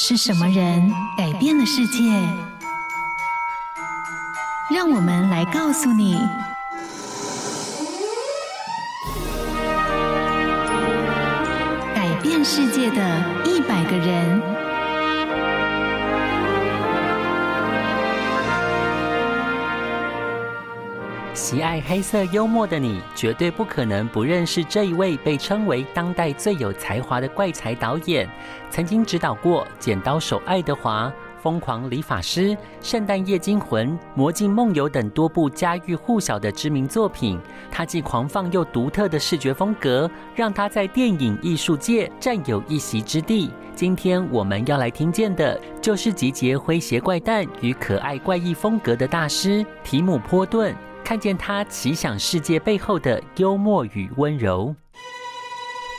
是什麼人改變了世界？讓我們來告訴你：改變世界的一百個人。喜愛黑色幽默的你，絕對不可能不認識這一位被稱為當代最有才華的怪才導演，曾經執導過《剪刀手愛德華》。《瘋狂理髮師》、《聖誕夜驚魂》、《魔鏡夢遊》等多部家喻戶曉的知名作品，他既狂放又獨特的視覺風格，讓他在電影藝術界佔有一席之地。今天我們要來聽見的，就是集結詼諧怪誕與可愛怪異風格的大師——提姆·波頓，看見他奇想世界背後的幽默與溫柔。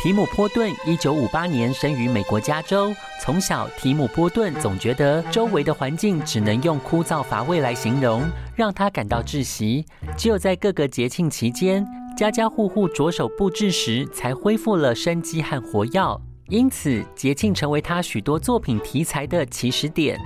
提姆·波頓一九五八年生於美國加州。從小，提姆·波頓總覺得周圍的環境只能用枯燥乏味來形容，讓他感到窒息。只有在各個節慶期間，家家戶戶着手布置時，才恢復了生機和活躍。因此，節慶成為他許多作品題材的起始點。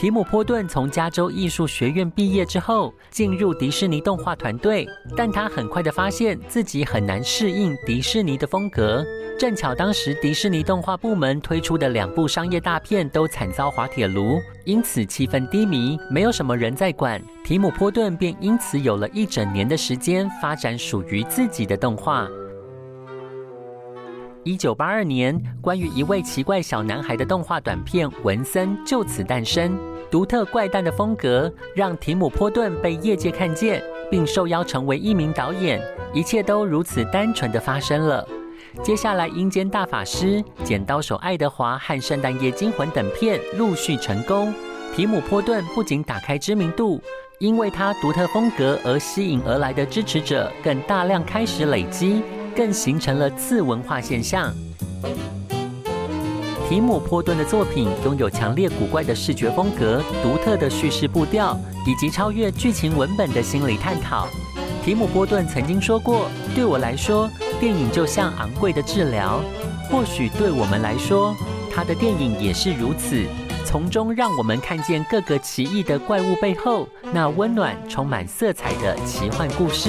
提姆·波頓從加州藝術學院畢業之後，進入迪士尼動畫團隊，但他很快的發現自己很難適應迪士尼的風格。正巧當時迪士尼動畫部門推出的兩部商業大片都慘遭滑鐵盧，因此氣氛低迷，沒有什麼人在管。提姆·波頓便因此有了一整年的時間發展屬於自己的動畫。一九八二年，關於一位奇怪小男孩的動畫短片《文森》就此誕生。獨特怪誕的風格讓提姆·波頓被業界看見，並受邀成為一名導演。一切都如此單純的發生了。接下來，《陰間大法師》《剪刀手愛德華》和《聖誕夜驚魂》等片陸續成功。提姆·波頓不僅打開知名度，因為他獨特風格而吸引而來的支持者更大量開始累積。更形成了次文化現象。提姆波頓的作品擁有強烈古怪的視覺風格、獨特的敘事步調以及超越劇情文本的心理探討。提姆波頓曾經說過：“對我來說，電影就像昂貴的治療。”或許對我們來說，他的電影也是如此，從中讓我們看見各個奇異的怪物背後那溫暖、充滿色彩的奇幻故事。